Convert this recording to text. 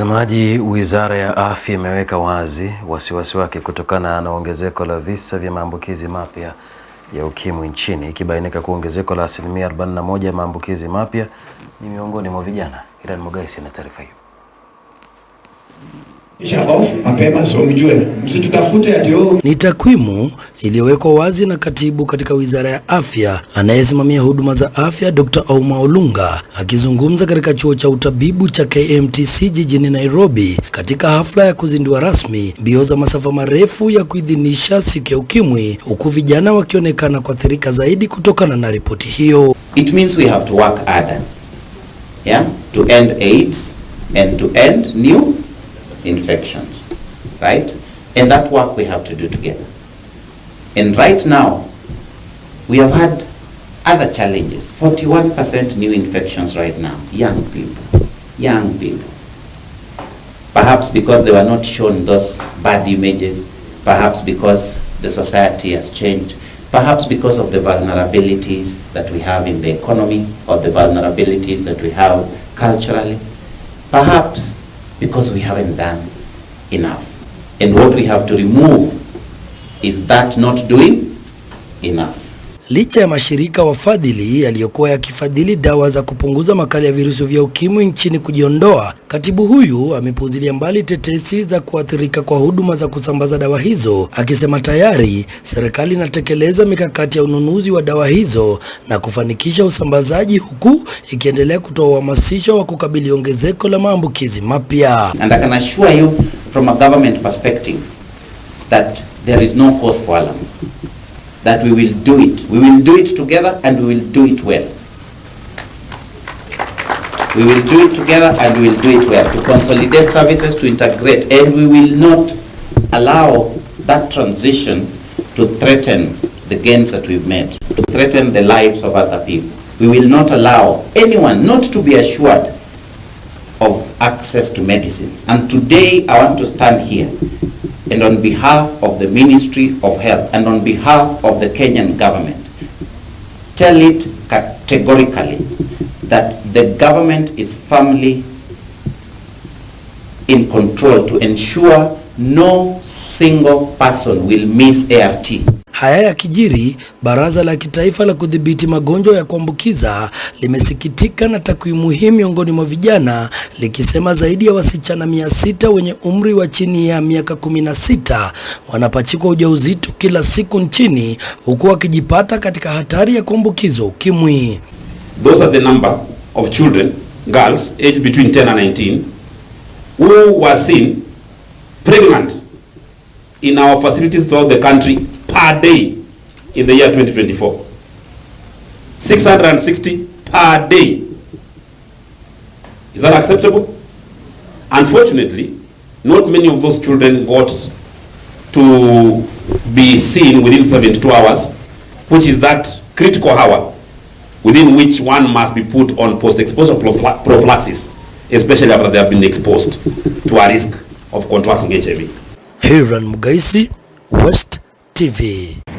Mtazamaji, Wizara ya Afya imeweka wazi wasiwasi wake kutokana na ongezeko la visa vya maambukizi mapya ya ukimwi nchini, ikibainika kuwa ongezeko la asilimia 41 ya maambukizi mapya ni miongoni mwa vijana. Iran Mogaisi ana taarifa hiyo. Oh. Ni takwimu iliyowekwa wazi na katibu katika wizara ya afya anayesimamia huduma za afya Dr. Auma Olunga akizungumza katika chuo cha utabibu cha KMTC jijini Nairobi katika hafla ya kuzindua rasmi mbio za masafa marefu ya kuidhinisha siku ya ukimwi huku vijana wakionekana kuathirika zaidi kutokana na ripoti hiyo. It means we have to work harder. Yeah? To end AIDS and to end new infections, right? And that work we have to do together. And right now, we have had other challenges. 41% new infections right now, young people, young people. Perhaps because they were not shown those bad images, perhaps because the society has changed, perhaps because of the vulnerabilities that we have in the economy or the vulnerabilities that we have culturally, perhaps because we haven't done enough. And what we have to remove is that not doing enough. Licha ya mashirika wafadhili yaliyokuwa yakifadhili dawa za kupunguza makali ya virusi vya ukimwi nchini kujiondoa, katibu huyu amepuuzilia mbali tetesi za kuathirika kwa huduma za kusambaza dawa hizo, akisema tayari serikali inatekeleza mikakati ya ununuzi wa dawa hizo na kufanikisha usambazaji, huku ikiendelea kutoa uhamasisho wa kukabili ongezeko la maambukizi mapya. And I can assure you from a government perspective that there is no cause for alarm. that we will do it. We will do it together and we will do it well. We will do it together and we will do it well to consolidate services, to integrate, and we will not allow that transition to threaten the gains that we've made, to threaten the lives of other people. We will not allow anyone not to be assured of access to medicines. And today I want to stand here and on behalf of the Ministry of Health and on behalf of the Kenyan government, tell it categorically that the government is firmly in control to ensure no single person will miss ART. Haya ya kijiri Baraza la Kitaifa la Kudhibiti Magonjwa ya Kuambukiza limesikitika na takwimu hii miongoni mwa vijana likisema zaidi ya wasichana mia sita wenye umri wa chini ya miaka kumi sita wanapachikwa ujauzito kila siku nchini huku wakijipata katika hatari ya kuambukizwa UKIMWI. Those are the number of children, girls, aged between 10 and 19 who were seen pregnant in our facilities throughout the country per day in the year 2024. 660 per day. Is that acceptable? Unfortunately, not many of those children got to be seen within 72 hours, which is that critical hour within which one must be put on post-exposure prophylaxis, especially after they have been exposed to a risk of contracting HIV. Hiran Mugaisi, West TV.